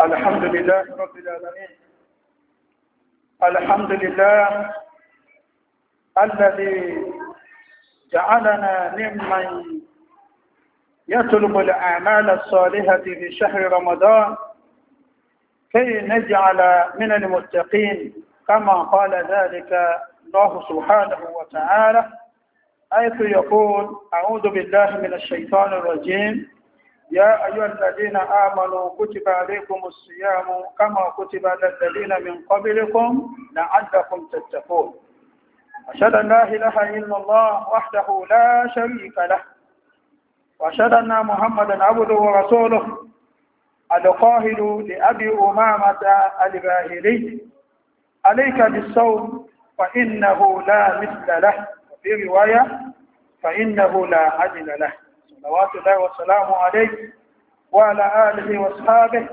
الحمد لله رب العالمين الحمد لله الذي جعلنا ممن يطلب الأعمال الصالحة في شهر رمضان كي نجعل من المتقين كما قال ذلك الله سبحانه وتعالى حيث يقول أعوذ بالله من الشيطان الرجيم يا أيها الذين آمنوا كتب عليكم الصيام كما كتب على الذين من قبلكم لعلكم تتقون أشهد أن لا إله إلا الله وحده لا شريك له وأشهد أن محمدا عبده ورسوله القاهر لأبي أمامة الباهلي عليك بالصوم فإنه لا مثل له في رواية فإنه لا عدل له صلوات الله وسلامه عليه وعلى آله وأصحابه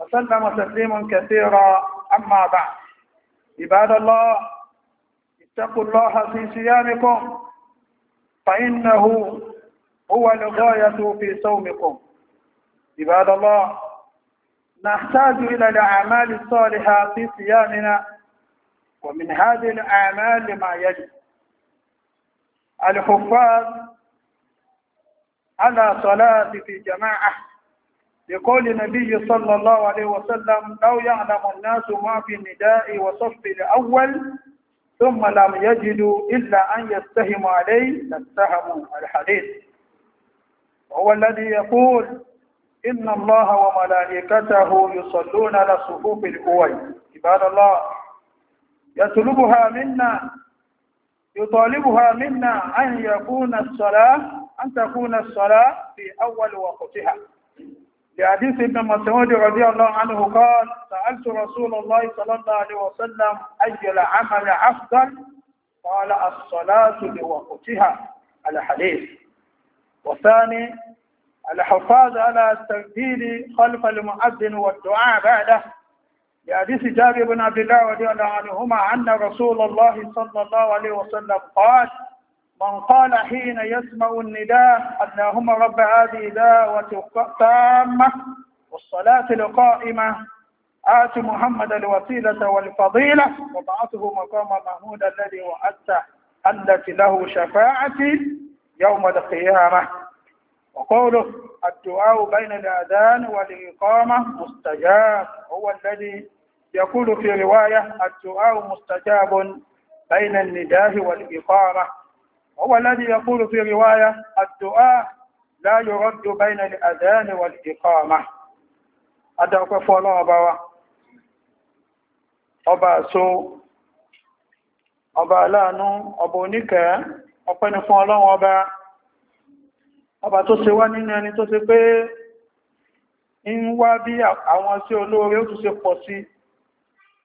وسلم تسليما كثيرا أما بعد عباد الله اتقوا الله في صيامكم فإنه هو الغاية في صومكم عباد الله نحتاج إلى الأعمال الصالحة في صيامنا ومن هذه الأعمال ما يجب الحفاظ على صلاة في جماعة لقول النبي صلى الله عليه وسلم لو يعلم الناس ما في النداء وصف الأول ثم لم يجدوا إلا أن يستهم عليه لاستهموا الحديث وهو الذي يقول إن الله وملائكته يصلون على صفوف الأول عباد الله يطلبها منا يطالبها منا أن يكون الصلاة أن تكون الصلاة في أول وقتها لحديث ابن مسعود رضي الله عنه قال سألت رسول الله صلى الله عليه وسلم أي العمل أفضل قال الصلاة لوقتها الحديث والثاني الحفاظ على التكبير خلف المؤذن والدعاء بعده لحديث جابر بن عبد الله رضي الله عنهما أن رسول الله صلى الله عليه وسلم قال من قال حين يسمع النداء اللهم رب هذه دعوة تامة والصلاة القائمة آت محمد الوسيلة والفضيلة وبعثه مقام محمود الذي وعدته التي له شفاعتي يوم القيامة وقوله الدعاء بين الأذان والإقامة مستجاب هو الذي يقول في رواية الدعاء مستجاب بين النداء والإقامة وهو الذي يقول في رواية الدعاء لا يرد بين الأذان والإقامة أدعوك فولو أبوا أبا سو أبا لانو أبو نكا أبن فولو أبا أبا تسوى نيني تسوى ń wá bí àwọn sí olóore ó tún ṣe pọ̀ sí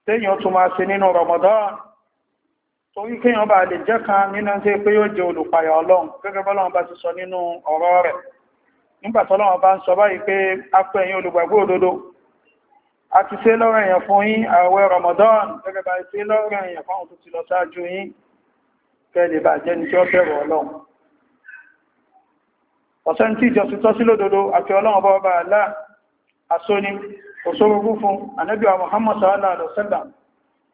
téèyàn tún máa ṣe nínú Ramadan torí kí yàn bá lè jẹ́ kan nínú tí pé yóò jẹ olùpayà ọlọ́run gẹ́gẹ́ bọ́lọ́run bá ti sọ nínú ọ̀rọ̀ rẹ̀ nígbàtọ́lọ́run bá ń sọ báyìí pé a pè yín olùgbàgbọ́ òdodo a ti ṣe lọ́rọ̀ èèyàn fún yín ààwẹ̀ Ramadan gẹ́gẹ́ bá ṣe lọ́rọ̀ èèyàn fáwọn tó ti lọ ṣáájú yín kẹ́lẹ̀ bá jẹ́ ní tí ó bẹ̀rù ọlọ́run ọ̀sẹ́ tí ìjọsìn tọ́ sí lódodo àti ọlọ́run bọ́ bá àlá àsóní òṣòrogún fún ànábì Muhammad sallallahu alaihi wasallam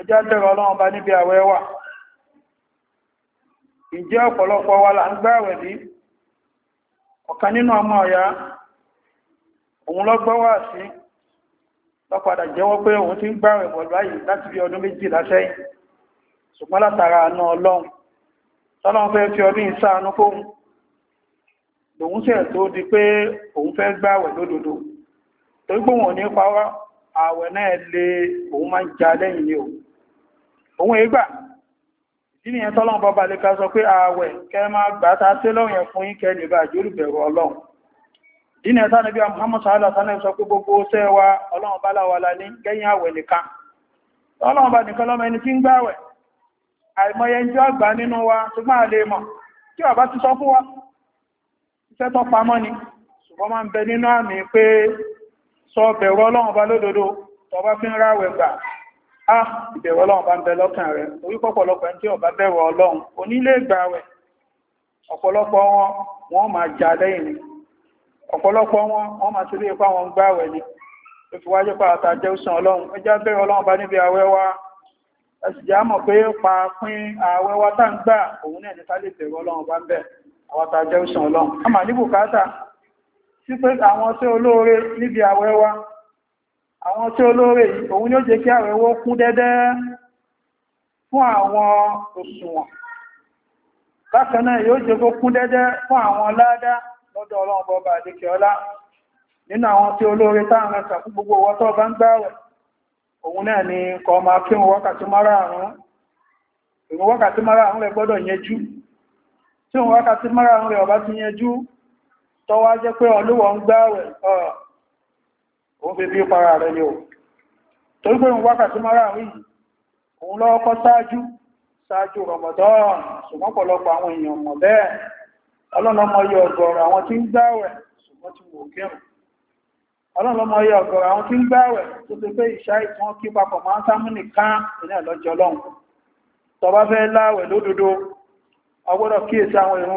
ẹjá tẹ́rọ ọlọ́run bá níbi àwẹ̀ wà ìjẹ́ ọ̀pọ̀lọpọ̀ wa là ń gbá àwẹ̀ bí ọ̀kan nínú ọmọ ọ̀yá òun lọ gbọ́ wà sí lọ́padà jẹ́wọ́ pé òun ti ń gbá àwẹ̀ pọ̀lú báyìí láti bí ọdún méjì láṣẹ́yìn ṣùgbọ́n látara àna ọlọ́run tọ́lọ́run fẹ́ fi ọdún ìsáàánú fóun lòun sẹ̀ tó di pé òun fẹ́ gbá àwẹ̀ lódodo torí pé òun ò ní pa àwẹ̀ náà lé òun máa ń ja lẹ́yìn ni òun òun ègbà nínú ìyẹn tọ́lọ́run bọ́ba lè ká sọ pé ààwẹ̀ kẹ máa gbà tá sí lọ́rùn yẹn fún yín kẹ lè bá àjórùbẹ̀rù ọlọ́run nínú ẹ̀ta níbi Muhammad sàálà sàálà sọ pé gbogbo ṣẹ́ wa ọlọ́run bá láwa la ní gẹ́yìn àwẹ̀ nìkan ọlọ́run bá nìkan lọ́mọ ẹni tí ń gbàwẹ̀ àìmọye ń jọ àgbà nínú wa ṣùgbọ́n àlè mọ̀ kí bàbá ti sọ fún wa iṣẹ́ tó pamọ́ ni ṣùgbọ́n máa ń bẹ nínú àmì pé sọ bẹ̀rù ọlọ́run bá lódodo tọba fi ń ráwẹ̀ gbà Ah, ìbẹ̀rù ọlọ́run bá ń bẹ lọ́kàn rẹ̀ orí pọ̀pọ̀lọpọ̀ ẹni tí ọba bẹ̀rù ọlọ́run onílé ìgbà rẹ̀ ọ̀pọ̀lọpọ̀ wọn wọ́n máa jà lẹ́yìn ni ọ̀pọ̀lọpọ̀ wọn wọ́n máa ti rí ipá wọn gbà ni tó fi wáyé pa àtàjẹ́ òsàn ọlọ́run ẹjá bẹ̀rù ọlọ́run bá níbi àwẹ̀ wa ẹ sì já mọ̀ pé pa pín àwẹ̀ wa tá ń gbà òun náà ní ká lè bẹ̀rù ọlọ́run bá ń bẹ̀ àwọn àtàjẹ́ òsàn ọlọ́run a máa ní bùkátà sí pé àwọn tí olóore níbi àwẹ̀ àwọn tí olóore òun yóò jẹ́ kí àwẹ̀ wó kún dẹ́dẹ́ fún àwọn òṣùwọ̀n bákan yóò jẹ́ kó kún dẹ́dẹ́ fún àwọn ládá lọ́dọ̀ ọlọ́run bọba ọlá nínú àwọn tí olóore táàrin ẹ̀sà tọ́wá jẹ́ pé olówó ń gbáwẹ̀ ó fi bí para rẹ̀ yóò torí pé wákàtí mara rí òun lọ́ọ́kọ́ sáájú sáájú Ramadan ṣùgbọ́n pọ̀lọpọ̀ àwọn èèyàn mọ̀ bẹ́ẹ̀ ọlọ́lọ́mọye ọ̀gọ̀rọ̀ àwọn tí ń gbáwẹ̀ ṣùgbọ́n tí wò kírùn ọlọ́lọ́mọye ọ̀gọ̀rọ̀ àwọn tí ń gbáwẹ̀ tó ti pé ìṣá ìtàn kí papọ̀ máa ń sámú nìkan ìní ọ̀lọ́jọ́ lọ́hùn tó bá fẹ́ láwẹ̀ lódodo ọgbọ́dọ̀ kíyèsí àwọn ìrun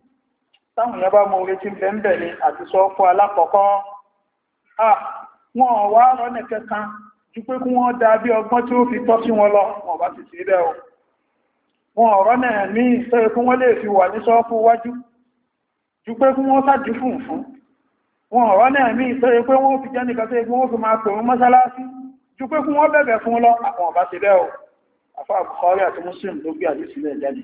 táwọn èèyàn bá mọ orí tí ń bẹ ń bẹ ni àti sọ fún alákọ̀ọ́kọ́ wọn wá rọ́nà kẹkan ju pé kí wọ́n dá bí ọgbọ́n tí ó fi tọ́ sí wọn lọ wọn bá ti sí rẹ̀ o wọn ọ̀rọ̀ náà ní ìṣẹ́ ikú wọ́n lè fi wà ní sọ́ọ́fún wájú ju pé kí wọ́n sájú fún fún wọn ọ̀rọ̀ náà ní ìṣẹ́ ikú wọ́n fi jẹ́ nìkan tó ikú wọ́n fi máa pèrún mọ́sálásí ju pé kí wọ́n bẹ̀bẹ̀ fún lọ àwọn ọ̀bá ti rẹ̀ o àfáà Bukhari àti Muslim ló gbé àdísílẹ̀ jáde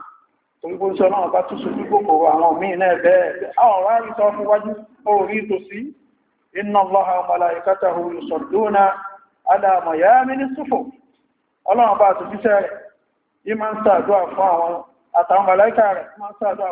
torípò ń sọ́nà ọba tó sojú gbogbo àwọn míì náà bẹ́ẹ̀ àwọn ọ̀rá rí sọ fún wájú orí tó sí inna Allaha wa malaikatahu yusalluna ala mayamini sufuf ọlọ́run bá tó jíṣẹ́ rẹ̀ yí máa ń sàdúrà fún àwọn àtàwọn màláìkà rẹ̀ máa ń sàdúrà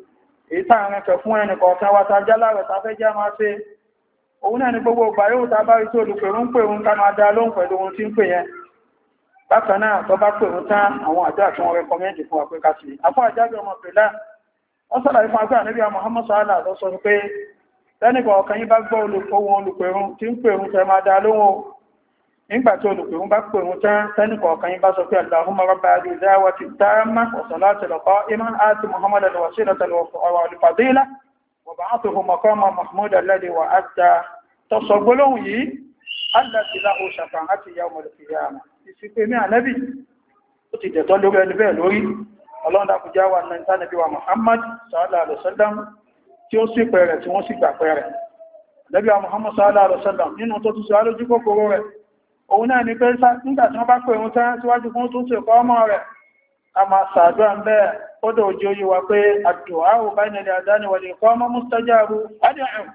èyí táàrin ẹ̀kẹ̀ fún ẹnì kọ̀ọ̀kan wa ta jálá rẹ̀ ta fẹ́ jẹ́ máa ṣe òun náà ni gbogbo ìgbà yóò ta bá rí tí olùpẹ̀rún pèrún ká máa dá lóhùn pẹ̀lú ohun tí ń pè yẹn bákan náà tó bá pèrún tán àwọn àjọ àti wọn rẹkọmẹ́ndì fún àpé nígbà tí olùpẹ̀rún bá pẹ̀rún tán tẹ́nìkọ̀ọ̀kan yín bá sọ pé Allahumma rabba hadhihi da'wati tammah wa salatil qa'imah ati Muhammadan al-wasilata wal-fadila wa ba'athu maqaman mahmudan alladhi wa'adtahu tọ́sọ̀ gbólóhùn yìí alladhi lahu shafa'atu yawmal qiyamah ìsìnkú ní ànẹ́bì ó ti dẹ̀tọ́ lórí ẹni bẹ́ẹ̀ lórí ọlọ́ndàkùjá wa náà tánàbí wa Muhammad sallallahu alaihi wasallam tí ó sì pẹ̀rẹ̀ òun náà ni pé nígbà tí wọ́n bá pè ohun tán síwájú fún tó sì kọ́ ọmọ rẹ̀ a máa sàádọ́n bẹ́ẹ̀ ó dò jí ó yí wa pé àdúà bá nílẹ̀ àdáni wà lè kọ́ ọmọ mustajabu adìrìn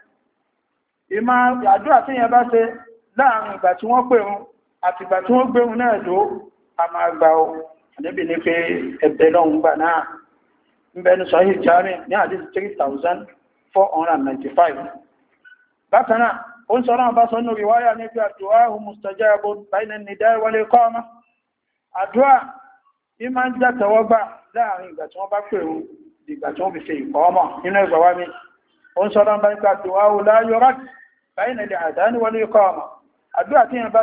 ìmá àdúrà tí yẹn bá ṣe láàrin ìgbà tí wọ́n pè ohun àti ìgbà tí wọ́n gbé ohun náà dó a máa gbà ó níbi ní pé ẹ̀bẹ̀ lọ́hun gbà náà ń ó ń sọ́rọ̀ bá sọ nínú ìwáyà níbi àdúwà mustajabun bayna an-nida'i wal-iqama àdúwà ní máa ń jẹ́ tẹ́wọ́gbà láàrin ìgbà tí wọ́n bá pèrò ìgbà tí wọ́n fi ṣe ìkọ́ọmọ̀ nínú ìgbà wá mi ó ń sọ́rọ̀ bá nípa àdúwà la yurad bayna al-adani wal-iqama àdúwà tí yẹn bá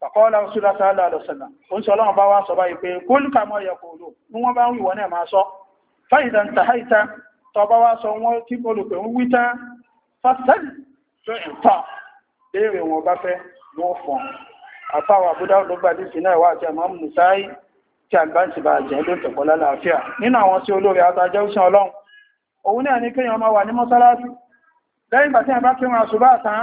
Fàkọ́lá Ṣúlá Sáàlá Àlọ́sẹ̀lá, ó ń sọ ọlọ́run bá wá sọ báyìí pé kó lùkà mọ́ ẹ̀yẹ kò lò, ní wọ́n bá ń wìwọ́ náà máa sọ. Fáìdà ń tàhá ìta, tọ bá wá sọ wọ́n tí mo lò pé ń wí tán, fásitẹ́lì tó ń tà, léèrè wọn bá fẹ́ wọ́n fọ̀n. Àfáwà Búdá ló gbà ní Sinai wá àti àmọ́ Mùsáì tí àgbà ti bá jẹ́ ló tẹ̀kọ́ lálàáfíà. Nínú àwọn tí olórí atajẹ́ òṣìṣẹ́ ọlọ́run, òun náà ní kéèyàn máa wà ní mọ́sálásí. Lẹ́yìn ìgbà tí a bá kírun àṣùbá àtàn,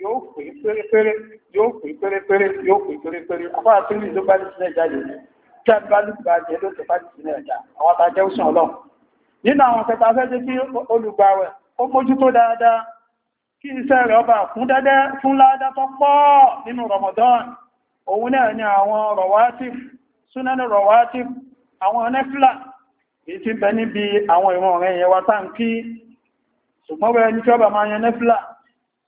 yóò pè pérépéré yóò pè pérépéré yóò pè pérépéré afárá ní ló bá sílẹ̀ jáde tí a bá ní bá jẹ ló tó bá ní sílẹ̀ ẹ̀dá àwọn àtàjẹ́ òsàn ọlọ́run nínú àwọn kẹta fẹ́ jẹ́ kí olùgbàwẹ̀ ó mójútó dáadáa kí iṣẹ́ rẹ̀ ọba fún dẹ́dẹ́ fún ládá tó pọ̀ nínú Ramadan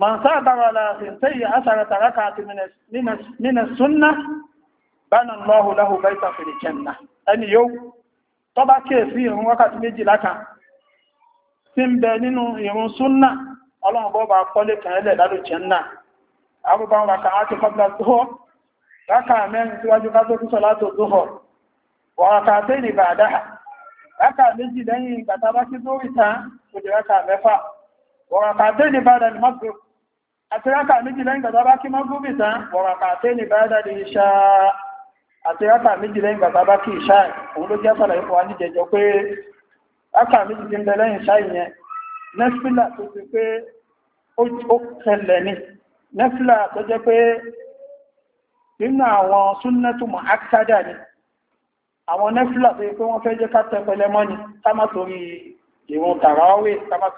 من صابر على خلطي أثرة ركعة من السنة بنى الله له بيتا في الجنة ẹni yóò tó bá kíyèsí ìrun wákàtí méjìlá kan tí kan ẹlẹ̀ lálù jẹ́nnà arúgbà raka á ti kọ́bla zuhọ́ raka mẹ́rin síwájú ká tó kí sọ látò zuhọ́ wọ́n raka tẹ́ àti rákà méjì lẹ́yìn gbàtà bá kí mọ́gúbì tán wọ̀ràkà àti ní báyádà di iṣá àti rákà méjì lẹ́yìn gbàtà bá kí iṣá òun ló jẹ́ sọ̀rọ̀ ipò wa ní jẹjọ pé rákà méjì ti ń bẹ lẹ́yìn iṣá ìyẹn nẹ́fílà tó ti pé ó tẹ̀lẹ̀ ni nẹ́fílà tó jẹ́ pé nínú àwọn súnnẹ́tù mọ̀ ákádà ni àwọn nẹ́fílà tó pé wọ́n fẹ́ jẹ́ ká tẹpẹlẹ mọ́ ni ká tàràwé ká má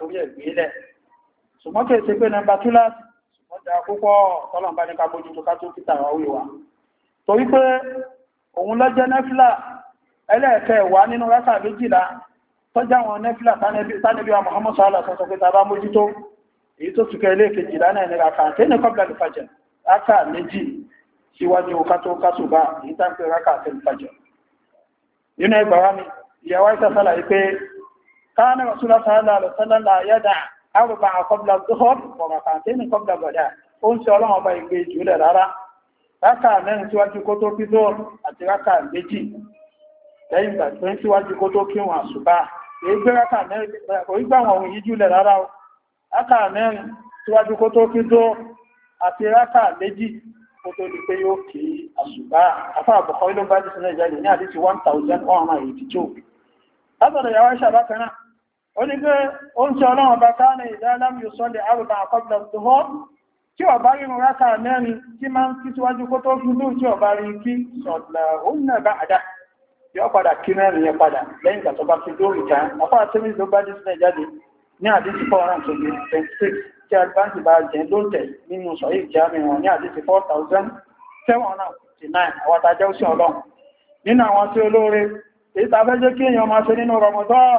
ṣùgbọ́n kèèṣe pé nọmba dáa púpọ̀ tọ́lọ̀ bá ní ká bójú tó ká tó kí tàràwí wa torí pé òun lọ jẹ́ nẹ́fìlà ẹlẹ́ẹ̀kẹ́ wà nínú rákà méjìlá tọ́já wọn nẹ́fìlà tánẹ́bí wa Muhammad sọ́lá sọ́sọ́ pé ta bá mójú tó èyí tó tukẹ̀ ilé kejìlá náà ní rákà tẹ́ni kọ́bílà lè fàjẹ̀ rákà méjì síwájú ká tó kásùbá èyí tá ń pè rákà tẹ́ni fàjẹ̀ nínú ẹgbàá mi ìyàwó ìsàsálà yìí pé káà náà Rasulullah sallallahu alaihi wasallam la yada' àrùbà àkọ́bla zuhur ọ̀rọ̀kàntín kọ́bla gọ̀dá ó ń ṣe ọlọ́run ọba ìgbé ìjùlẹ̀ rárá rákà mẹ́rin síwájú kó tó kí zuhur àti rákà méjì lẹ́yìn ìgbà tó ń síwájú kó tó kí wọn àṣùbà èégbé rákà mẹ́rin orígbà wọn òun yíjú lẹ̀ rárá o rákà mẹ́rin síwájú kó tó kí ó ní pé ó ń ṣe ọlọ́run bá káàlẹ̀ ìdálámi ìsọ́lẹ̀ àrùbà àkọ́bìlẹ̀ ọ̀dọ́ tí ọba rí rún rákà mẹ́rin tí máa ń kí síwájú kó tó fi lóòtí ọba rí kí sọ̀lẹ̀ òun náà bá àdá yọ padà kí mẹ́rin yẹn padà lẹ́yìn ìgbà tó bá fi lórí ìta apá àtẹ́mí ló bá dísílẹ̀ jáde ní àdísí 426 tí albanki bá jẹ́ lóòtẹ̀ nínú sọ̀yí ìjámi wọn ní àdísí 4759 àwọn tàjẹ́ òsìn ọlọ́run nínú àwọn tí olóore èyí ta fẹ́ jẹ́ kí èèyàn máa ṣe nínú rọmọdọ́ọ̀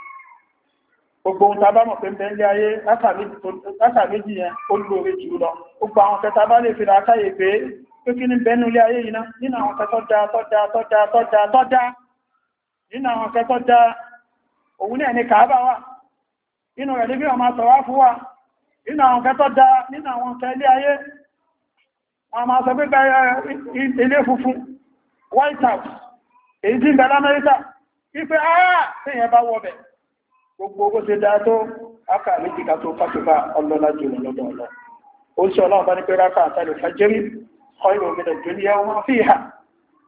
gbogbo ohun tàbá mọ̀ pé ń bẹ́ńlẹ̀ ayé látàméjì yẹn ó lóore jù lọ gbogbo àwọn kẹta bá lè fi ra káyè pé pé kí ní bẹ́nu ilé ayé yìí náà nínú àwọn kẹtọ́ da tọ́da tọ́da tọ́da tọ́da nínú àwọn kẹtọ́ da òun náà ní kàábà wà nínú rẹ̀ níbi ọmọ sọ̀rọ̀ fún wa nínú àwọn kẹtọ́ da nínú àwọn kẹ ilé ayé wọn máa sọ gbígbà ilé funfun White House èyí tí ń bẹ lamẹ́ríkà wípé ara tí ìyẹn bá wọ gbogbo owó ṣe dáa tó rákà méjì ká tó fásitì ọlọ́lá jù lọ́dọ̀ ọlọ́ ó sọ ọlọ́run bá ní pé rákà àtàlù fàjẹ́rì ọyọ̀ òmìnira ìjọlẹ̀ yẹn wọ́n fi hà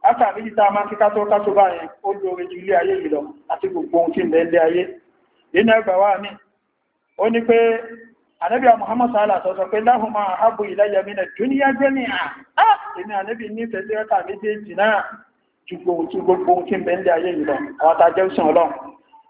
rákà méjì tá a máa fi tó ká tó yẹn ó lóore ju ilé ayé yìí lọ àti gbogbo ohun tí ń bẹ ayé nínú ẹgbà wa mi ó ní pé ànábì Muhammad sallá sọ sọ pé láhùnmá àhábù ìlẹ́yẹ mi nà dúníyà jẹ́mi à èmi ànábì nífẹ̀ẹ́ sí rákà méjèèjì náà ju gbogbo ohun tí ń bẹ ayé yìí lọ àwọn tá a ọlọ́run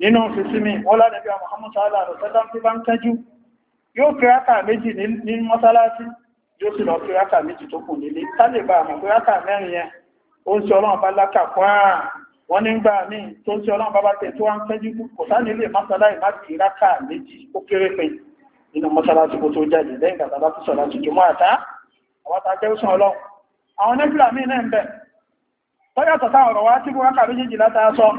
nínú sísími wọ́n lánàbí Muhammad sallallahu alaihi wasallam tí bá ń tẹ́jú yóò kí rákà méjì ní mọ́sálásí yóò sì lọ kí rákà méjì tó kù nílé tálè bá àmọ̀ kí rákà mẹ́rin yẹn ó ń ṣe ọlọ́run bá lákà fún àà wọ́n ní gbà míì tó ń ṣe ọlọ́run bá bá tẹ̀ tó wá ń tẹ́jú kò sá nílé mọ́sálásí má kí rákà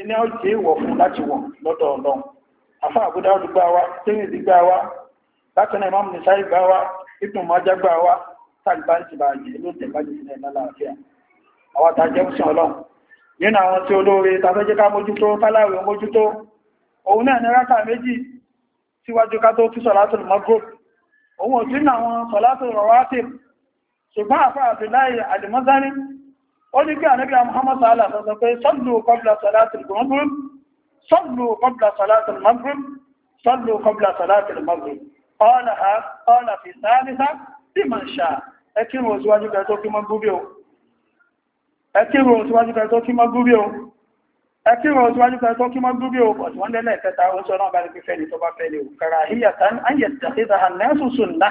iná ó jẹ́ ìwọ̀ fún láti wọ̀ lọ́dọ̀ ọlọ́run afá àbúdá gbà wá tẹ́rìndì gbà wá látọ̀nà ìmáàmù nìsáì gbà wá ìpùn mọ́já gbà wá tàbí ti bá yìí ló tẹ̀ bájú sílẹ̀ lálàáfíà àwọn àtàjẹ́ òsìn ọlọ́run nínú àwọn tí olóore tafẹ́jẹ́ ká mójútó káláwẹ̀ mójútó òun náà ní rákà méjì síwájú ká tó tún sọ̀látò mọ́gbò òun ò sí àwọn sọ̀látò rọ̀wátì ṣùgbọ́n àfáà àti láì àdìmọ́sánì ó ní bí ànábí Muhammad sallá sọ pé sọ́lù kọbla salatul maghrib sọ́lù kọbla salatul maghrib sọ́lù kọbla salatul maghrib ọ́lá fi sáàlìsá bí ma ń ṣà ẹkírù òsíwájú bẹ̀rẹ̀ tó kí mọ́ gúrí o ẹkírù òsíwájú bẹ̀rẹ̀ tó kí mọ́ gúrí o ẹkírù òsíwájú bẹ̀rẹ̀ tó kí mọ́ gúrí o pọ̀ tí wọ́n lẹ́lẹ̀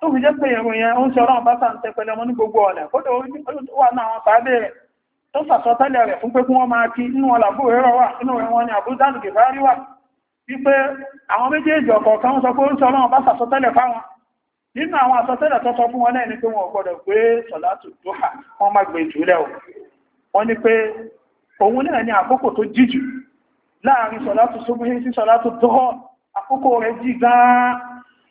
tó fi jẹ́ pé ẹ̀rọ yẹn ó ń ṣe ọlọ́run bá sàn tẹpẹlẹ ọmọ ní gbogbo ọ̀nà kódò wà náà àwọn sàábẹ̀ rẹ̀ tó sàsọtẹ́lẹ̀ rẹ̀ fún pé kí wọ́n máa kí inú wọn làbú ẹ̀rọ wà inú rẹ̀ wọn ni àbúdánù gẹ̀fárí wà wípé àwọn méjèèjì ọ̀kọ̀ọ̀kan sọ pé ó ń ṣe ọlọ́run bá sàsọtẹ́lẹ̀ fáwọn nínú àwọn àsọtẹ́lẹ̀ tó sọ fún wọn náà ni pé wọn gbọ́dọ̀ gbé sọ̀látù dóhà wọn má gbé jùlẹ̀ o wọ́n ní pé òun náà ni àkókò tó jíjù láàrin sọ̀látù sóbúhé sí sọ̀látù dóhà àkókò rẹ̀ jí gan-an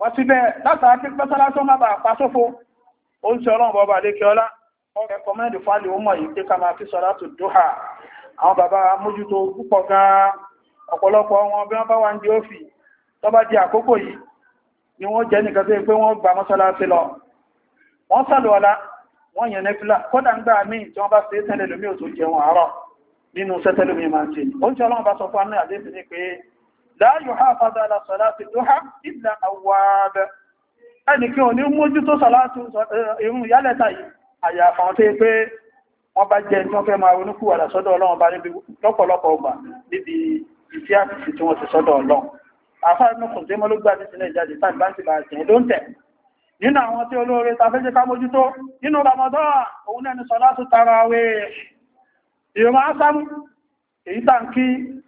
wọ́n ti bẹ́ẹ̀ látàá kí pẹ́sọ́lá tó má bàa pa sófo ó ń sọ ọlọ́run bọ́ba àdékẹ́ ọlá ó rẹ̀kọ́mẹ́ndì fáàlì ó mọ̀ yìí pé ká máa fi sọ́lá tó dóhà àwọn bàbá mójútó púpọ̀ gan-an ọ̀pọ̀lọpọ̀ wọn bí wọ́n bá wá ń di òfì tó bá di àkókò yìí ni wọ́n jẹ́ nìkan tó pé wọ́n bá mọ́sálásí lọ wọ́n láàyò háfàdà aláṣọ́láti lóhá ìlà àwàábẹ̀ ẹnìkí ò ní mójú tó sàlátù irun ìyálẹ̀ta yìí àyàfà tó yẹ pé wọ́n bá jẹ́ tí wọ́n fẹ́ máa ronúkú wà lọ́sọ́dọ̀ ọlọ́run bá níbi lọ́pọ̀lọpọ̀ ọgbà níbi ìfẹ́ àtìsí tí wọ́n ti sọ́dọ̀ ọlọ́run àfáà inú kùn tí mo ló gbà ní sílẹ̀ ìjáde tàbí bá ń ti bá jẹ́ ló ń tẹ̀ nínú àwọn tí olóore tafẹ́jẹ́ ká mójútó nínú Ramadan òun náà ni sọ́látù tarawih ìrọ̀mọ́ ásámú èyí tàǹkí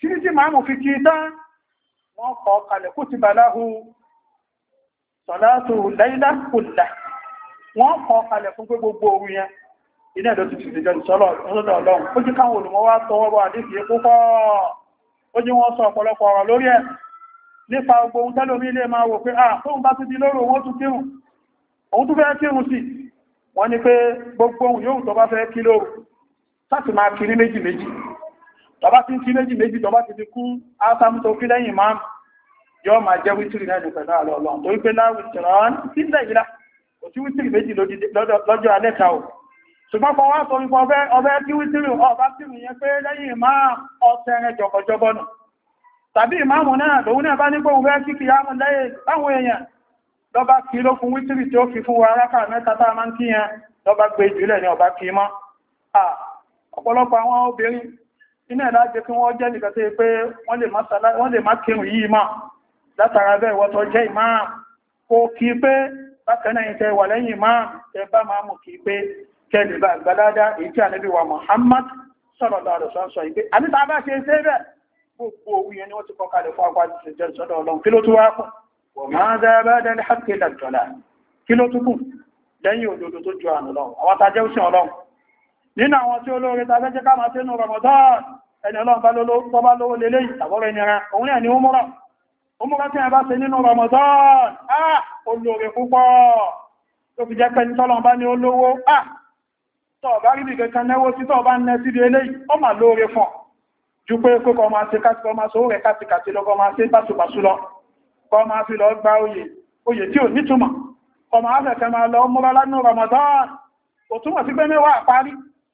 títí tí máàmù fi kí tán wọ́n kọ́ kalẹ̀ kó ti bàláhù sọ̀látù láìlá kùlà wọ́n kọ́ kalẹ̀ fún pé gbogbo òru yẹn iná ìdọ̀tí ti dìjọ ìṣọ́lọ̀ ọlọ́dọ̀ ọlọ́run ó jí káwọn olùmọ́wá tọwọ́ bọ́ àdéhìí epo kọ́ ó jí wọ́n sọ ọ̀pọ̀lọpọ̀ ọ̀rọ̀ lórí ẹ̀ nípa ogbò ohun tẹ́lómi ilé máa wò pé ah tóun bá ti di fẹ́ kí lóòrò láti máa kiri méjì méjì tọba tí ń kí méjì méjì tọba ti fi kún ásámú tó kí lẹ́yìn máa yọ́ máa jẹ́ wítìrì náà ní pẹ̀lú àlọ́ ọlọ́run torí pé láwùí tìrán sí lẹ́yìnlá kò sí wítìrì méjì lọ́jọ́ alẹ́ ta o ṣùgbọ́n kan wá sọ wípé ọbẹ̀ ọbẹ̀ kí wítìrì ọba tìrì yẹn pé lẹ́yìn máa ọ̀tẹ̀rẹ̀ jọ̀kọ̀jọ̀kọ̀ nù tàbí ìmáàmù náà lòun náà bá ní pé òun fẹ́ kí kìyàmù lẹ́yìn báwọn èèyàn lọ́ba kí ló fún wítìrì tí ó fi fún wa arákà mẹ́ta tá a máa ń kí yẹn lọ́ba gbé ìjùlẹ̀ ní ọba kí mọ́ ọ̀pọ̀lọpọ̀ àwọn obìnrin iná ẹ̀lá jẹ́ kí wọ́n jẹ́ nìkan tó yẹ pé wọ́n lè má kírun yìí máa látara bẹ́ ìwọ́tọ̀ jẹ́ ìmáà kò kí pé bákanáà ìtẹ́ wà lẹ́yìn ìmáà tẹ bá máa mú kí pé kẹlìbà gbádádá èyí tí ànábì wa Muhammad sallallahu alaihi wasallam ìgbé àníta bá ṣe ṣe nínú àwọn tí olóore tàbẹ́jẹ́ ká máa tínú Ramadan ẹni ọlọ́run bá lówó lélé ìtàbọ́rẹ̀ nira òun náà ni umura umura tí a bá ṣe nínú Ramadan ah olóore púpọ̀ tó fi jẹ́ pé ní tọ́lọ́run bá ní olówó ah tọ́ bá rí bìkẹ́ kan náwó sí tọ́ bá ń nẹ́ sí di eléyìí ó mà lóore fún ju pé kókọ máa ṣe kásìkọ máa sọ rẹ̀ kásìkàtì lọ kọ máa ṣe básùbásù lọ kọ máa fi lọ gba oyè oyè tí ò nítumọ̀ kọ máa fẹ̀kẹ́ máa lọ múra lánú Ramadan kò túmọ̀ sí pé mẹ́wàá parí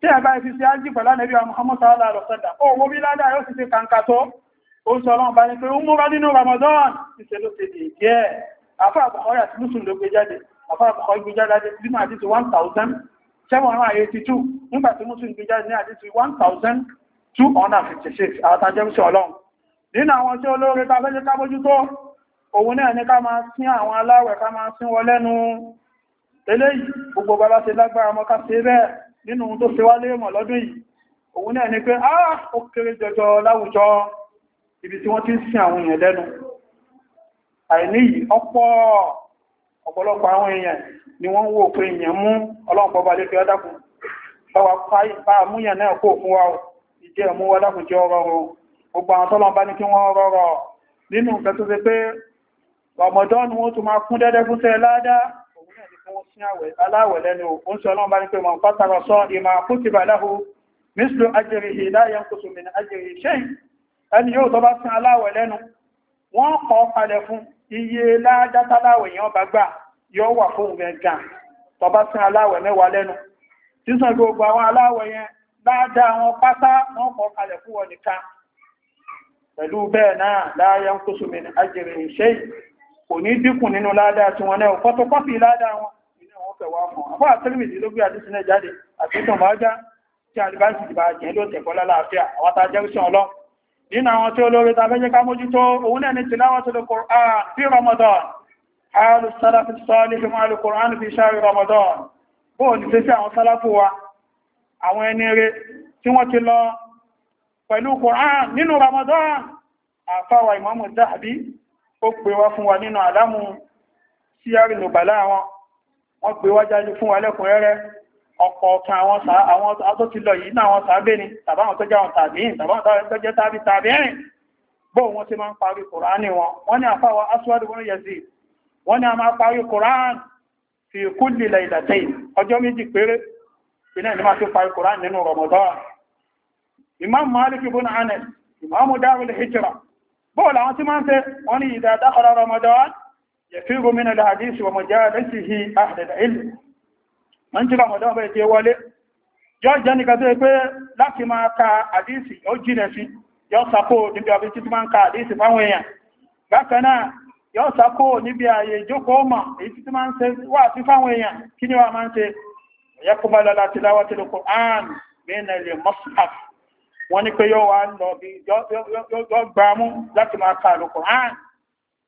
tí ẹ̀bá ibi sí ájí pẹ̀lá nẹ́bí wa Muhammad sallallahu alaihi wasallam ó wó bí ládá yóò sì ṣe kàǹkà tó ó sọ ọlọ́run bá ní pé ó múra nínú Ramadan ìṣẹ́ ló ṣe dì díẹ̀ afá àbùkọ́rí àti lùsùn ló gbé jáde afá àbùkọ́rí gbé jáde nínú àdísì 1782 nígbà tí mùsùn gbé jáde ní àdísì 1256 àtàjẹ́mùsùn ọlọ́run nínú àwọn tí òun náà ní ká máa sín àwọn aláwẹ̀ ká máa sín wọ lẹ́nu eléyìí gbogbo bàbá ṣe lágbára mọ́ ká ṣe bẹ́ẹ̀ nínú tó fi wá léèmọ̀ lọ́dún yìí òun náà ni pé áà ah, ó kéré jọjọ láwùjọ ibi tí wọ́n ti ń sin àwọn èèyàn lẹ́nu àìní yìí ọ̀pọ̀ ọ̀pọ̀lọpọ̀ àwọn èèyàn ni wọ́n wò pé èèyàn mú ọlọ́pọ̀ bá lè fi ọdákùn báwa bá múyàn náà kó fún wa ìjẹ́ mú ọdákùn jẹ́ ọrọ̀ rọ gbogbo àwọn tọ́lọ bá ní kí wọ́n rọrọ̀ nínú nǹkan tó ṣe pé ọmọdọ́ ni wọ́n tún máa kún aláwẹ̀ lẹ́nu òun sí ọlọ́run bá ní pé mọ̀ pátàrọ sọ ìmọ̀ kútìbà láhù mísìlú ajẹ́rìhì láyẹ̀ kùsù mìíràn ajẹ́rìhì ṣẹ́yìn ẹni yóò tọ́ bá sí aláwẹ̀ lẹ́nu wọ́n kọ́ kalẹ̀ fún iye ládátáláwẹ̀ yẹn bá gbà yóò wà fún gẹ̀gàn tọ́ bá sí aláwẹ̀ mẹ́wàá lẹ́nu sísan gbogbo àwọn aláwẹ̀ yẹn láàdá wọn pátá wọ́n kọ́ kalẹ̀ fún wọn nìkan ọ̀pẹ̀ wà mọ̀. Àbá àtẹ́lẹ̀mìtì ló gbé àdísí náà jáde ti bá jẹ́ ló tẹ̀kọ́ lálàáfíà àwọn ta jẹ́ ìṣẹ́ ọlọ́. Nínú àwọn tí olóore ta fẹ́ jẹ́ ká mójútó òun náà ni ti láwọn tó lè Qur'an fi Ramadan. Ààrùn Sálàfí Sọ́ọ́lì fi máa lè Qur'an fi ṣáàrí Ramadan. Bóò ní fẹ́ sí àwọn Sálàfù wa, àwọn ẹni rẹ̀ tí wọ́n ti lọ pẹ̀lú Qur'an nínú Ramadan. Àfáwà Ìmámù Zahabi ó pè wá fún wa nínú àlámù síyárì lòbàlá wọ́n gbé wá jáde fún wa ọ̀kan àwọn yìí náà wọn sàábé ni tàbáwọn tó jẹ́ àwọn tàbíyìn jẹ́ tàbí tàbíyìn bó wọn ti máa ń parí kòránì wọn wọ́n ní àfáwà aswadu wọn yẹ̀sí wọ́n ní a máa parí kòránì fi kulli laylatain ọjọ́ يفيغ من الحديث ومجالسه أهل العلم ahụ جرى مدابة يتوالي yóò jẹ́ nìkan tó pé láti máa ka àdíìsì ó jìnà sí yóò ka àdíìsì fáwọn èèyàn bákan náà ya sàkó níbi ààyè ìjókòó mọ̀ èyí títí máa ń ṣe wà ka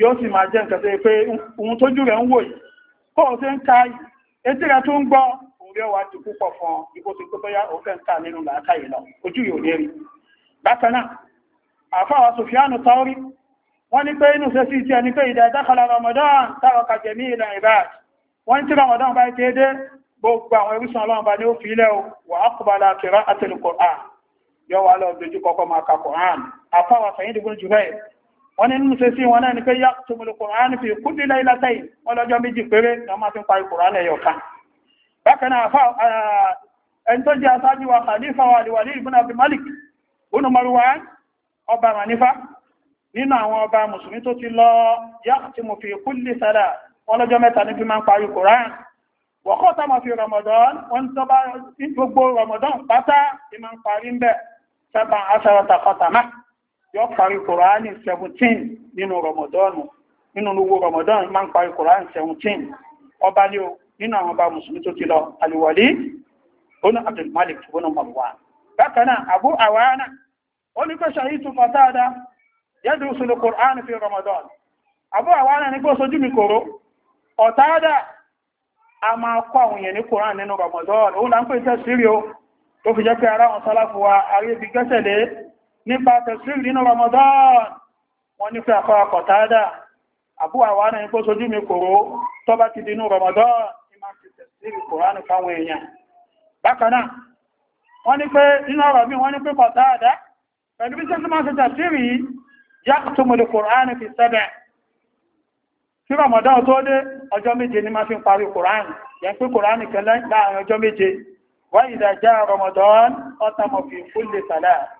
yóò sì máa jẹ́ nǹkan tó yẹ pé ohun tójú rẹ̀ ń wò yìí kó o ṣe ń ka etí rẹ̀ tó ń gbọ́ orí ọwà ti púpọ̀ fún ipò tí tó bẹ́yà òfẹ́ ń ka nínú làákàyè lọ ojú yóò lè rí bákan náà àfáwà Sufyanu Thauri wọ́n ní pé inú sẹ́sí ti ẹni pé ìdá ìdákọlá Ramadan táwọn kàjẹ̀ ní ilẹ̀ ìbáàd wọ́n tí Ramadan bá ti dé gbogbo àwọn ẹrúsàn Ọlọ́run bá ní ó fi ilẹ̀ o wà á kọba lákìrá àtẹlù Qur'an yọ wà lọ dojú kọkọ máa ka Qur'an àfáwà sàyíndìbùn jùlọ wọ́n ní nínú sí wọn náà ni pé yá túnmùlù kùránì fi kú nílẹ̀ ìlàtẹ́yìn wọ́n lọ́jọ́ méjì péré ni wọ́n máa fi ń parí kùránì ẹ̀yọ̀ká bákan náà fà eh, ẹni malik búnú Marwan ọba manifa nínú àwọn ọba mùsùlùmí tó ti lọ yá túnmù fi kú lè sára wọ́n lọ́jọ́ ramadan wọ́n tó bá ramadan pátá ti máa ń parí ń bẹ̀ sẹ́bà yóò parí kòránì 17 nínú rọmọdọ́nù nínú owó rọmọdọ́nù máa ń parí kòránì 17 ọba ní o nínú àwọn ọba mùsùlùmí tó ti lọ alìwọ̀lì bónú abdulmalik bónú marwan bákan náà abu awana ó ní kó ṣàyítù fatada yẹ́dù sùlù kòránì fi rọmọdọ́nù abu awana ní kó sojú mi kòró ọ̀táadà a máa kọ́ àwọn èèyàn ní kòránì nínú rọmọdọ́nù ó là ń pè tẹ́sírí o tó fi jẹ́ pé ara wọn sálá fún wa arí ibi gẹ́sẹ̀ nípa tẹ̀sírì nínú Ramadan wọ́n nífẹ́ àkọ́ àkọ̀tádà àbú àwọn ẹni kó sojú mi kòrò tó bá ti dínú Ramadan ní máa fi tẹ̀sírì Kòránì fáwọn èèyàn bákanáà wọ́n ní pé nínú ọ̀rọ̀ mi wọ́n ní pé kọ̀tádà pẹ̀lú bí sẹ́sí máa fi tẹ̀sírì yàtùmùlù Kòránì ni máa fi parí Kòránì yẹn pé Kòránì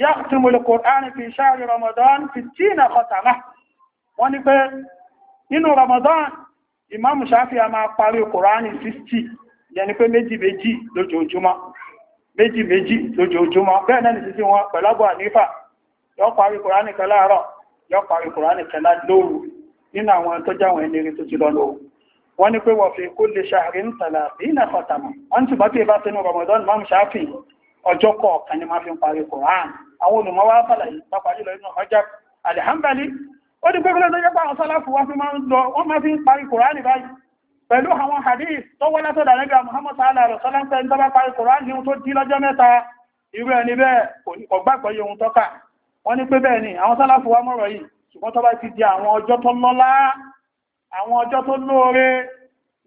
يختم القرآن في شهر رمضان ستين ختمة wọ́n ní pé nínú Ramadan Imam Shafi a máa parí Kùránì 60 yẹni pé méjì méjì lójoojúmọ́ méjì méjì lójoojúmọ́ bẹ́ẹ̀ náà nìsí sí wọn pẹ̀lọ́bọ̀ ànífà yọ parí Kùránì kan láàárọ̀ yọ parí Kùránì kan lóòrù nínú àwọn tó jáwọn ẹni rí tó ti lọ́nà wọ́n ní pé wọ́n fi kulli shahrin thalathina khatama wọ́n ti bá tí ẹ sínú Ramadan Imam Shafi ọjọ́ kọ̀ọ̀kan ni máa fi ń parí Kùrán àwọn olùmọ́wá sàlàyé pápájú lọ inú ọjà alìhàmbálí ó di pẹ́kúlẹ̀ tó jẹ́pá àwọn sálàfù wọ́n fi máa ń lọ wọ́n máa fi ń parí Kùrán báyìí pẹ̀lú àwọn hadith tó wọ́n látọ̀ dànẹ́gbà Muhammad sallallahu alaihi wasallam ń tọ́bá parí Kùrán ní ohun tó dí lọ́jọ́ mẹ́ta irú ẹni bẹ́ẹ̀ kò gbàgbọ́ yẹ ohun tọ́ka wọ́n ní pé bẹ́ẹ̀ ni àwọn sálàfù wa mọ̀rọ̀ yìí ṣùgbọ́n tọ́bá ti di àwọn ọjọ́ tó lọ́lá àwọn ọjọ́ tó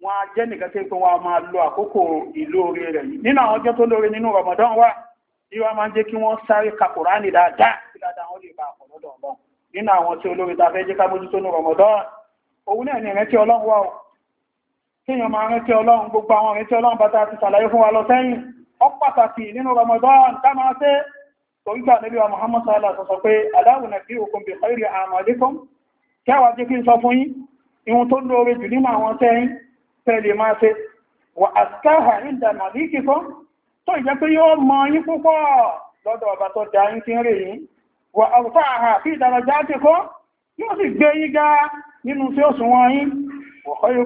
wọn a jẹ́ nìkan tí pé a máa lo àkókò ìlú orí rẹ̀ yìí nínú àwọn ọjọ́ tó lórí nínú Ramadan wà ní wọ́n máa ń jẹ́ kí wọ́n sáré ka Kùránì dáadáa kí dáadáa wọ́n lè bá àpọ̀ lọ́dọ̀ Ọlọ́run nínú àwọn tí olórí ta fẹ́ jẹ́ ká mójútó ní Ramadan òun náà ni ìrètí Ọlọ́run wà ó kéèyàn máa rántí Ọlọ́run gbogbo àwọn Muhammad sallallahu alaihi wasallam pé aláwọ̀ nàbí òkun bí khairi àmàlékún kẹwàá jẹ́ kí n sọ fún yín ìhun tó lóore jù nínú àwọn sẹ́yìn tẹ́lẹ̀ máa ṣe wà àṣkáhà ìdà màlíkì kan tó ìjẹ́ pé yóò mọ yín púpọ̀ lọ́dọ̀ ọba tó dá yín kí ń rè yín wà àwùfà àhà fi ìdàrọ̀já ti kọ́ yóò sì gbé yín ga nínú tí ó sùn wọn wà kọ́dà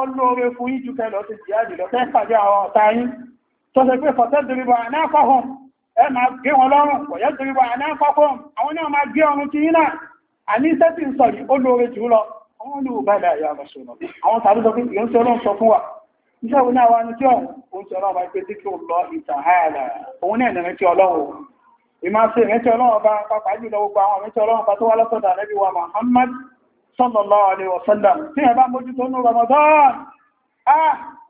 ó lóore fún yín jù kẹ lọ sí àwọn ọ̀tá yín tọ́sẹ̀ pé fọ̀tẹ́dìríbà anáfàhùn ẹ máa gé wọn lọ́rùn pọ̀yẹ́dìríbà anáfàhùn àwọn náà máa gé ọrùn tí yínà àní sẹ́tì ń sọ̀rí ó lóore jù lọ àwọn olùbàdà ìyá àbàṣọ́nà àwọn tàbí sọ pé ìrìnṣẹ́ ọlọ́run sọ fún wa iṣẹ́ òun náà wá ní tí ọ̀hún ó ń sọ ọlọ́run bá pé díkì ó lọ ìtàhálà òun náà nìrìntí ọlọ́run ìmá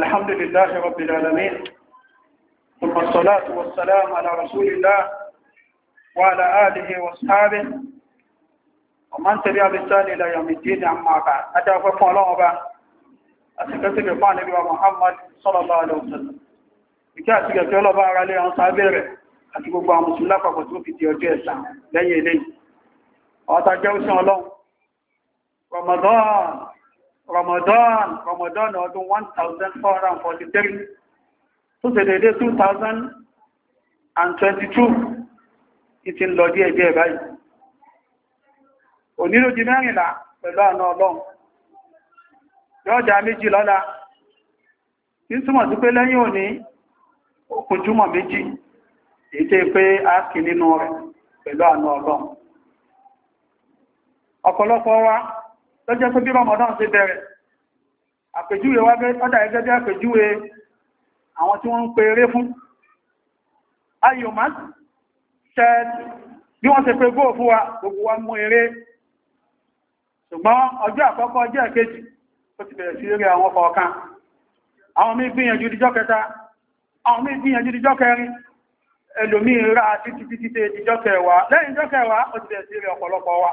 الحمد لله رب العالمين ثم الصلاة والسلام على رسول الله وعلى آله واصحابه ومن تبع بالسال إلى يوم الدين عما بعد أتعفف الله وبعد أتكتب قال نبي محمد صلى الله عليه وسلم ìkẹ́ àti ọlọ́bá ara lé àwọn sábẹ́rẹ̀ àti gbogbo àwọn mùsùlùmí lápapọ̀ tó fi di ọjọ́ ẹ̀san lẹ́yìn eléyìí ọ̀tá Ramadan, Ramadan ọdún 1443, tó ṣe dédé 2022, ìtí lọ díẹ̀ díẹ̀ báyìí. Onílò di mẹ́rìnlá pẹ̀lú àna ọlọ́run. Yọ́jà méjì lọ́la, tí súnmọ̀ sí pé lẹ́yìn òní, òkun júmọ̀ méjì, ètè pé a kì nínú rẹ̀ pẹ̀lú àna ọlọ́run. Ọ̀pọ̀lọpọ̀ wa, lọ́jọ́ pé bí Ramadan ṣe bẹ̀rẹ̀ àpèjúwe wá bẹ́ ọ́dà ẹgbẹ́ bí àpèjúwe àwọn tí wọ́n ń pe eré fún ayòmá ṣẹ bí wọ́n ṣe pe góò fún wa gbogbo wa mú eré ṣùgbọ́n ọjọ́ àkọ́kọ́ ọjọ́ ìkejì ó ti bẹ̀rẹ̀ sí eré àwọn kọ̀ọ̀kan àwọn mí gbìyànjú díjọ́ kẹta àwọn mí gbìyànjú díjọ́ kẹrin ẹlòmí ra títí títí díjọ́ kẹwàá lẹ́yìn díjọ́ kẹwàá ó ti bẹ̀rẹ̀ sí eré ọ̀pọ̀lọpọ̀ wa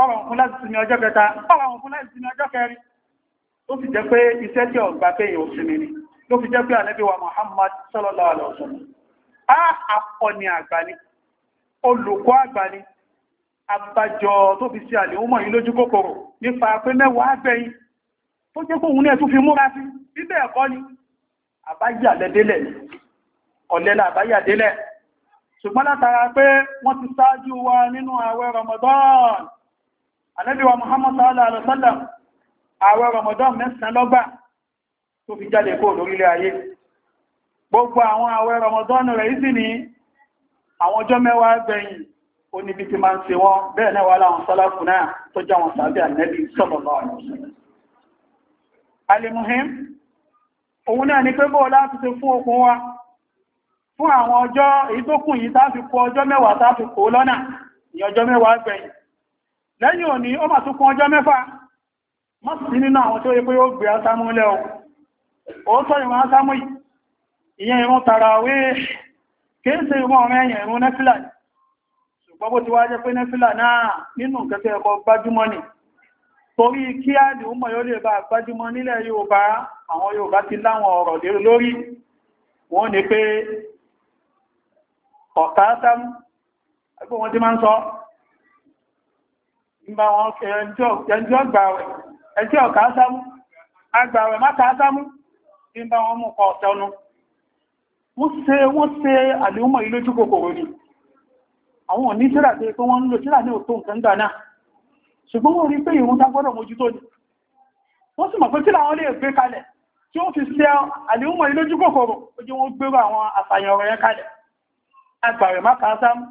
ọ̀rọ̀ òkun láti sinmi ọjọ́ kẹta ọ̀rọ̀ òkun láti sinmi ọjọ́ kẹrin tó fi jẹ́ pé wa Muhammad sallallahu alaihi wasallam á akọni àgbà ni olùkọ́ àgbà ni abájọ tó fi ṣe àlè ọmọ yìí lójú kòkòrò nípa pé mẹ́wàá àgbẹ̀yìn tó jẹ́ pé òun náà tún fi múra sí bíbẹ̀ ẹ̀kọ́ ni àbáyàlẹ́délẹ̀ ọ̀lẹ́lá àbáyàdélẹ̀ ṣùgbọ́n látara pé wọ́n ti ṣáájú wa nínú ààwẹ̀ Ramadan anẹ́bíwa Muhammad sallallahu alaihi wasallam ààwẹ̀ Ramadan mẹ́sàn lọ́gbà tó fi jáde kó lórílẹ̀ ayé gbogbo àwọn ààwẹ̀ Ramadan rẹ̀ ìsì ní àwọn ọjọ́ mẹ́wàá gbẹ̀yìn ó ní bí ti máa ń ṣe wọn bẹ́ẹ̀ náà wà láwọn sálàfù náà tó já wọn sàbí ànẹ́bí sallallahu alimuhim òun ni pé bóò láti ṣe fún okun wa fún àwọn ọjọ́ èyí tó kù yìí tá fi kó ọjọ́ mẹ́wàá tá fi kó lọ́nà ní ọjọ́ mẹ́wàá gbẹ̀yìn lẹ́yìn òní ó mà tún kún ọjọ́ mẹ́fà má nínú àwọn tó yẹ pé ó gbé asámú lẹ́ o ó tọ́ ìwọ̀n asámú ìyẹn ìwọ̀n tàràwé kéèsè ìwọ̀n ọ̀rẹ́ ẹ̀yẹ̀ ìwọ̀n nẹ́fìlà ṣùgbọ́n bó ti wá jẹ́ pé nẹ́fìlà náà nínú ẹ̀kọ́ gbájúmọ́ ni torí kí ìgbà wọn kẹ ẹjọ́ gbàwẹ̀ ẹjọ́ kàásámú agbàwẹ̀ má kàásámú ìgbà wọn mú kọ ọ̀tẹ́ ọnu wọ́n ṣe wọ́n ṣe àlèúmọ̀ ilé ojú kòkòrò ni àwọn òní tíra tẹ́ pé wọ́n ń lò tíra ní òtó nǹkan gbà náà ṣùgbọ́n wọ́n rí pé ìrún tá gbọ́dọ̀ mójútó ni wọ́n sì mọ̀ pé tíra wọn lè gbé kalẹ̀ tí ó fi ṣe àlèúmọ̀ ilé ojú kòkòrò ojú wọn gbérò àwọn àṣàyàn ọ̀rọ̀ yẹn kalẹ̀ agbàwẹ̀ má kàásámú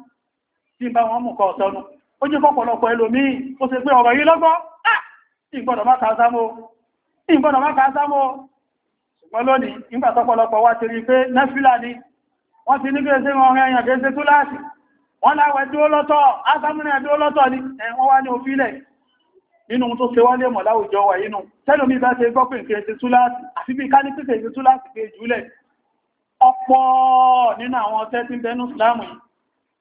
tí ń bá wọn mú kọ ọ̀tọ́nu ó jẹ́ pọ̀pọ̀lọpọ̀ ẹlòmíì ó ṣe pé ọ̀rọ̀ yìí lọ́gbọ́ ah! ìgbọ́dọ̀ má kàá sámọ́ ṣùgbọ́n lónìí nígbà tọ́pọ̀lọpọ̀ wá ti rí pé nẹ́fílà ni wọ́n ti ní bí ẹsẹ́ wọn rẹ̀ yàn gẹ́ẹ́sẹ́ túláàsì wọ́n láwẹ̀ dúó lọ́tọ̀ ásámúrẹ̀ dúó lọ́tọ̀ ni ẹ̀wọ́n wá ní òfílẹ̀ nínú tó ṣe wọ́n lè mọ̀ láwùjọ wà inú tẹ́lómi bá ṣe gbọ́pìn kí ẹsẹ túláàsì àfi bí ká ní pípẹ̀ ẹsẹ túláàsì pé jùlẹ̀ ọ̀pọ̀ nínú àwọn tẹ́sí bẹnu ìsìláàmù yìí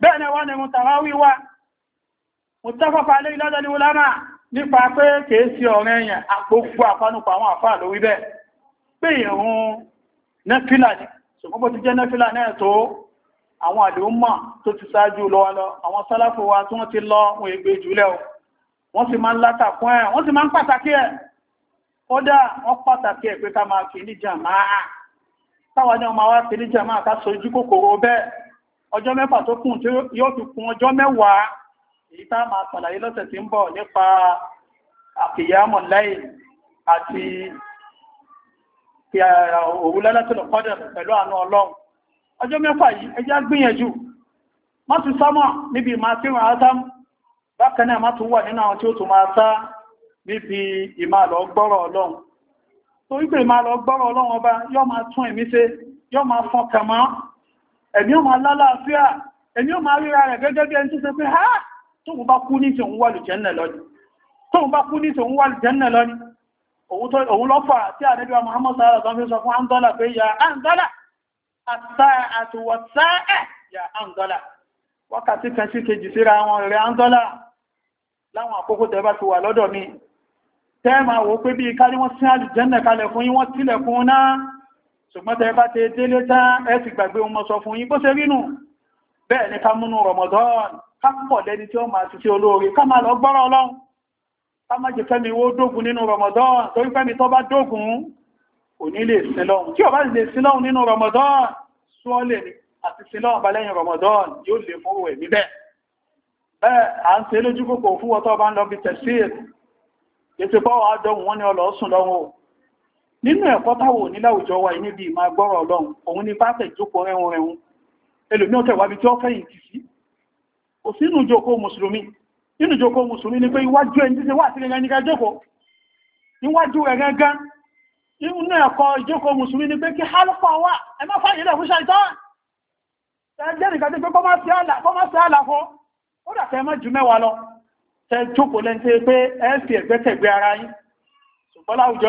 bẹ́ẹ̀ ni wọ́n ni mo tàwà wíwá mùtafàfà lè lọ́dọ̀ ní ulama nípa pé kèé sí ọ̀rẹ́ èèyàn àpògbò àpánupọ̀ àwọn àfáà lórí bẹ́ẹ̀ pé ìrún nẹ́fìlà ni ṣùgbọ́n bó ti jẹ́ nẹ́fìlà náà tó àwọn àdéhùnmọ̀ tó ti ṣáájú lọ lọ àwọn sálàfò wa tí wọ́n ti o wọ́n sì máa ń látàkún ẹ̀ wọ́n sì máa ń pàtàkì ẹ̀ kódà wọ́n pàtàkì ẹ̀ pé ká máa kì ní jàmáà táwọn ni wọ́n máa wá kì ní jàmáà ká sojú kòkòrò bẹ́ẹ̀ ọjọ́ mẹ́fà tó kùn tí yóò fi kún ọjọ́ mẹ́wàá èyí tá máa pàdàrí lọ́sẹ̀ tí ń bọ̀ nípa àkìyàmọ̀ láì àti òwú lẹ́lẹ́tìlọ̀ kọ́dẹ̀ pẹ̀lú àánú ọlọ́run ọjọ́ mẹ́fà yìí ẹjá gbìyànjú má tún sámọ̀ níbi máa tí wọ́n átám bákan náà má tún wà nínú àwọn tí ó tún máa sá níbi ìmàlọ̀ gbọ́rọ̀ ọlọ́run torí pé ìmàlọ̀ gbọ́rọ̀ ọlọ́run ọba yóò máa tún ẹ̀mí ṣe yóò máa fọkàn mọ́ ẹ̀mí o máa lálàáfíà ẹ̀mí o máa ríra rẹ̀ gẹ́gẹ́ bí ẹni tó ṣe pé ha tóun bá kú ní tí òun wà lù jẹ́nà lọ́ni tóun bá kú ní tí òun wà lù jẹ́nà lọ́ni òun lọ́fà tí àdẹ́bí wa Muhammad sára fi sọ fún andọ́là pé ya andọ́là ṣùgbọ́n tẹ́ bá ti délé tán ẹ ti gbàgbé ohun mọ́ sọ fún yín bó ṣe rínú bẹ́ẹ̀ ni ká Ramadan ká pọ̀ lẹ́ni tí ó máa ti ṣe olóore ká máa lọ gbọ́rọ̀ Ọlọ́run ká má jẹ fẹ́mi wó dógún nínú Ramadan torí fẹ́mi tó bá dógún kò ní lè sílọ́hun Ramadan sọ́ọ̀lẹ̀ ni àti sílọ́hun nínú ẹ̀kọ́ táwò níláwùjọ wa níbi ìmá gbọ́rọ̀ ọlọ́run òun ni bá tẹ̀ jókòó rẹ̀hun rẹ̀hun ẹlòmí ọ̀tẹ̀ wà bí tí ó fẹ́yìn tì sí kò sí inú jòkó mùsùlùmí inú jòkó mùsùlùmí ni pé iwájú ẹni tí wà sí gẹ́gẹ́ ní gájókòó níwájú rẹ̀ gẹ́gẹ́ inú ẹ̀kọ́ ìjókòó mùsùlùmí ni pé kí hálùfà wà ẹ má fàyè lẹ̀ fún ṣàìtàn ẹjẹ́ nìkan tí pé kọ́ máa sí àlàfọ́ ó dà tẹ́ mọ́ ju mẹ́wàá lọ tẹ́ jókòó lẹ́ntẹ́ pé ẹ fi ẹ̀gbẹ́tẹ̀gbẹ́ ara yín ṣùgbọ́n láwùjọ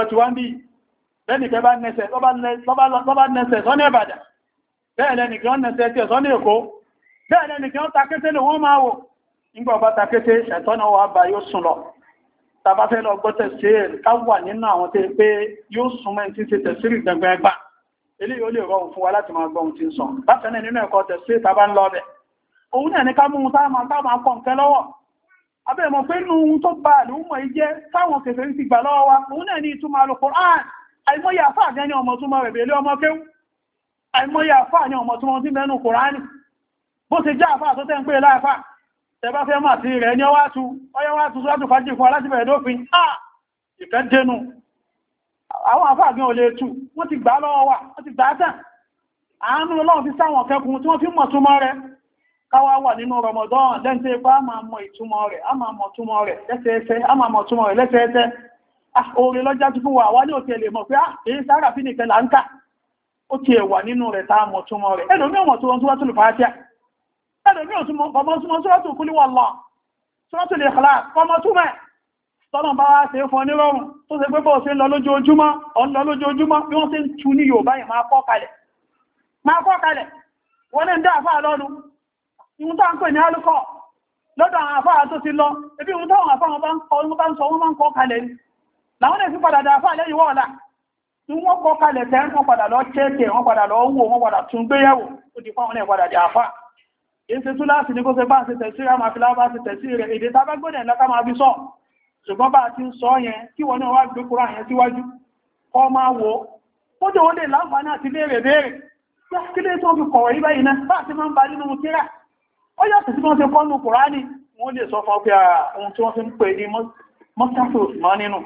lẹ́nìkẹ́ bá nẹ́sẹ̀ lọ́bá nẹ́sẹ̀ sọ́ní ẹ̀bàdà bẹ́ẹ̀ lẹ́nìkẹ́ wọ́n nẹ́sẹ̀ tí ọ̀sọ́ní èkó bẹ́ẹ̀ lẹ́nìkẹ́ wọ́n takété lè wọ́n máa wò nígbà ọba takété ṣẹ̀tọ́nà wà bá yóò sùn lọ tàbá fẹ́ lọ gbọ́tẹ̀ sí ẹ̀ káwà nínú àwọn tẹ́ pé yóò sùn mẹ́ tí ṣe tẹ̀sírì gbẹ̀gbẹ̀ ẹgbà eléyìí ó lè rọrùn fún wa láti máa gbọ́hun tí ń sọ bákan náà nínú ẹ̀kọ́ tẹ̀sí tàbá ń lọ ọbẹ̀ òun náà ní ká mú tá máa tá lọ́wọ́ abẹ́ quran àìmọ́yà àfáà ní ọmọ túnmọ̀ rẹ̀ bèèlé ọmọ kéwú àìmọ́yà àfáà ní ọmọ túnmọ̀ tí mẹ́nu kòránì bó ti já àfáà tó tẹ́ ń pè láàfá tẹbá fẹ́ máa ti rẹ̀ ní ọwátú ọyọ́wátú sọ́dún fàájì fún alásìbẹ̀rẹ̀ dófin ah ìfẹ́ dénú àwọn àfáà gan olè tú wọ́n ti gbà káwà wà nínú Ramadan lẹ́ńtẹ́ bá máa mọ̀ túnmọ̀ rẹ̀ lẹ́sẹẹsẹ Ah, oore lọ́já tí fún wa wá ní òtí ẹlẹ̀ mọ̀ pé ah, èyí sára fi nìkan là ń kà ó ti ẹ̀wà nínú rẹ̀ tá mọ̀ túnmọ̀ rẹ̀ ẹlòmí ọmọ tó wọn tó wọ́n tó lù fàájá ẹlòmí ọmọ súnmọ́ sọ́rọ̀tò kúlí wà lọ sọ́rọ̀tò lè kàlá ọmọ túnmọ̀ tọ́nà bá wá ṣe fún onírọ̀rùn tó ṣe pé bọ́ ṣe ń lọ lójoojúmọ́ ọ̀n lọ lójoojúmọ́ bí wọ́n ṣe ń tu ní Yorùbá yìí máa kọ́ kalẹ̀ máa kọ́ kalẹ̀ wọ́n ní ń dá àfáà lọ́nu ìhun tá ń pè ní alukọ̀ lọ́dọ̀ àwọn àfáà tó ti lọ ebi ìhun táwọn àfáà wọn bá ń sọ wọn bá ń kọ́ kalẹ̀ ni làwọn lè fi padà dà fún àlẹ́ ìwọ́ ọ̀la tí wọ́n kọ́ kalẹ̀ tẹ́ wọ́n padà lọ chẹ́ẹ̀kẹ̀ wọ́n padà lọ wò wọ́n padà tún gbéyàwó ó di fáwọn náà padà dà fà èsì tún láti ní kó ṣe bá ṣe tẹ̀sí rẹ̀ máa fi lábá ṣe tẹ̀sí rẹ̀ èdè tá bá gbọ́dẹ̀ lọ́ká máa fi sọ ṣùgbọ́n bá ti ń sọ yẹn kí wọ́n náà wá gbé kúrò yẹn síwájú kọ́ máa wò ó jẹ́ wọ́n lè láǹfààní àti léèrè béèrè kí lè tó fi kọ̀wọ̀ ibẹ̀ iná bá ti máa ń ba nínú kíra ó yàtọ̀ sí wọ́n ti kọ́ nù Kùránì wọ́n lè sọ fún ọ pé ohun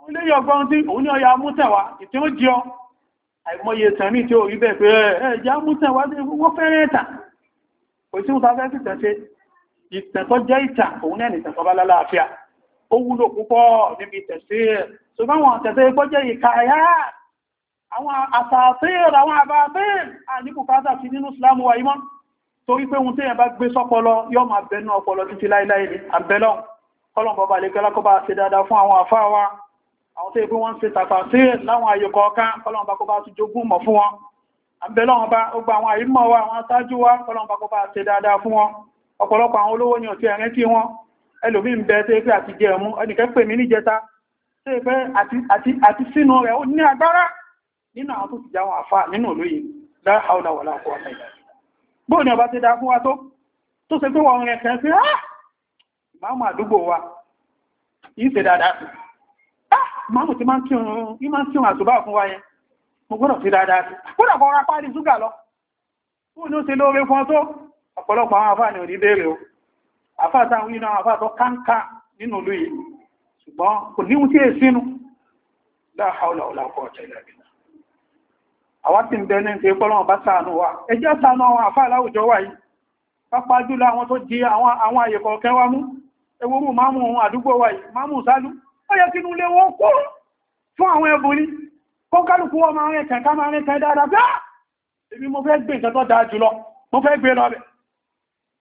àwọn ilé ọgbọ́n tí òun ní ọya mútẹ̀wá ìtí ó jí àìmọye tẹ̀mí tí ó rí bẹ́ẹ̀ pé ẹ̀ẹ́já mútẹ̀wá ní wọ́n fẹ́rẹ́ ẹ̀tà kò tí ó ta fẹ́ sí tẹ̀ṣe ìtẹ̀tọ́ jẹ́ ìtà òun ẹ̀nì tẹ̀tọ́ bá lálàáfíà ó wúlò púpọ̀ níbi tẹ̀ṣe ṣùgbọ́n tẹ̀ṣe kọ́ jẹ́ ìkàyà àwọn bá ṣe dáadáa fún àwọn àfáà wa àwọn tó yẹ pé wọ́n ń ṣe tàpá sí láwọn àyè kọ̀ọ̀kan kọlọ́mbà kó bá ti jogún mọ̀ fún wọn àbẹ̀lọ́wọ́nba ogbà àwọn àyímọ̀ wa àwọn aṣáájú wa kọlọ́mbà kó bá ṣe dáadáa fún wọn ọ̀pọ̀lọpọ̀ àwọn olówó ni ò ti ẹ̀rẹ́ tí wọn ẹlòmí ń bẹ tó yẹ pé àti jẹ ẹ̀mú ẹnìkẹ́ pè mí níjẹta tó yẹ pé àti sínú rẹ̀ ó ní agbára nínú àwọn tó ti jáwọn àfà nínú olóyè láhàúlà wà láàkọ́ ọ̀nà ìlà bóò ni ọba ti dá fún wa tó tó ṣe pé wọn rẹ̀ kẹ́ sí ah! ìmáàmù àdúgbò wa Ah, máàmù ti máa ń kírun àṣùbá fún wa yẹn mo gbọ́dọ̀ sí dáadáa sí kódà kọ́ ra páàlì ṣúgà lọ ó ní ó ṣe lóore fún ọ tó ọ̀pọ̀lọpọ̀ àwọn àfáà ni ò ní béèrè o àfáà táwọn yìí náà àfáà tó káńká nínú ìlú yìí ṣùgbọ́n kò ní wútí èsínú láàáwọ̀lá ọ̀lá ọkọ̀ ọ̀tẹ̀lẹ̀ ó yẹ kí inúlé wọ́n kó fún àwọn ẹbùn ní kó kálùkù wọ́n máa rẹ̀ kẹ̀kẹ́ máa rẹ̀ kẹ́ dáadáa bá ibi mo fẹ́ gbé nǹkan tó dáa jùlọ mo fẹ́ gbé lọ́bẹ̀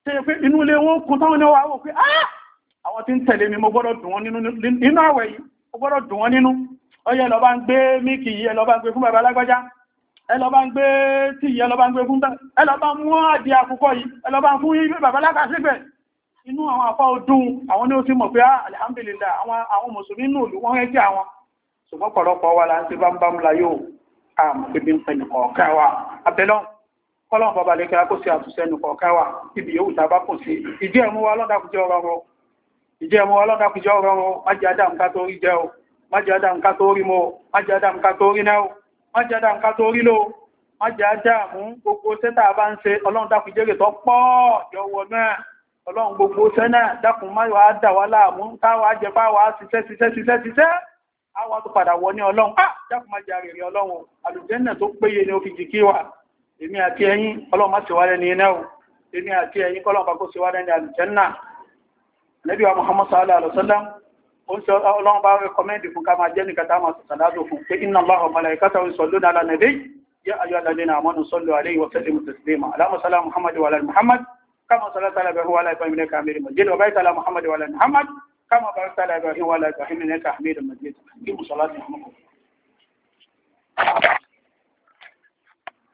tó yẹ pé inúlé wọ́n kún táwọn ẹwà wò pé ah! àwọn tí ń tẹ̀lé mi mo gbọ́dọ̀ dùn wọn nínú àwẹ̀ yìí mo gbọ́dọ̀ mú àdí àkùkọ yìí ẹ lọ bá ń fún bàbá alágbájá inú àwọn afá ọdún àwọn ní ó sì mọ̀ pé ah, alhamdulillah àwọn mùsùlùmí nù lù wọ́n ẹjẹ́ àwọn ṣùgbọ́n pọ̀lọpọ̀ wa la ń ti bá ń bá ń la yóò àmọ̀pẹ̀bí ń pẹ̀lú kọ̀ọ̀kẹ́ wa abẹ́lọ́n kọ́lọ̀n bàbá lè kẹ́ra kó sí àtúnṣe ẹnu kọ̀ọ̀kẹ́ wa ibi yóò ta bá jẹ́ o májì mo májì adam ká tó rí náà májì adam ká tó rí lò májì adam gbogbo sẹ́tà bá ń ṣe ọlọ́run dákùjẹ́ tó pọ̀ jọ̀wọ́ náà ọlọ́run gbogbo sẹ́nà dákun má wàá dà wá láàmú táwa jẹ bá wàá ṣiṣẹ́ ṣiṣẹ́ ṣiṣẹ́ ṣiṣẹ́ àwa tó padà wọ ní ọlọ́run á ah! dákun má jẹ àrèrè ọlọ́run àlùjẹ́nà tó péye ni ó fi jìkí wa èmi àti ẹ̀yin ọlọ́run má ṣe wá lẹ́ni iná o èmi àti ẹ̀yin kọ́lọ́run bá kó ṣe wá lẹ́ni àlùjẹ́nà Ànábì wa Muhammad sallallahu alaihi wasallam ó ń sọ ọlọ́run bá rẹkọmẹ́ndì fún ká máa jẹ́ nìkan táwọn sàlátò fún pé inna Allaha wa malaikatahu yusalluna ala nabi ya ayyuhal ladhina amanu sallu alaihi wa sallimu taslima Allahumma salli ala Muhammad wa ala Muhammad كما صلى على ابراهيم وعلى ابراهيم انك حميد مجيد وبارك على محمد وعلى محمد كما باركت على ابراهيم وعلى ابراهيم انك حميد مجيد اقيموا صلاه محمد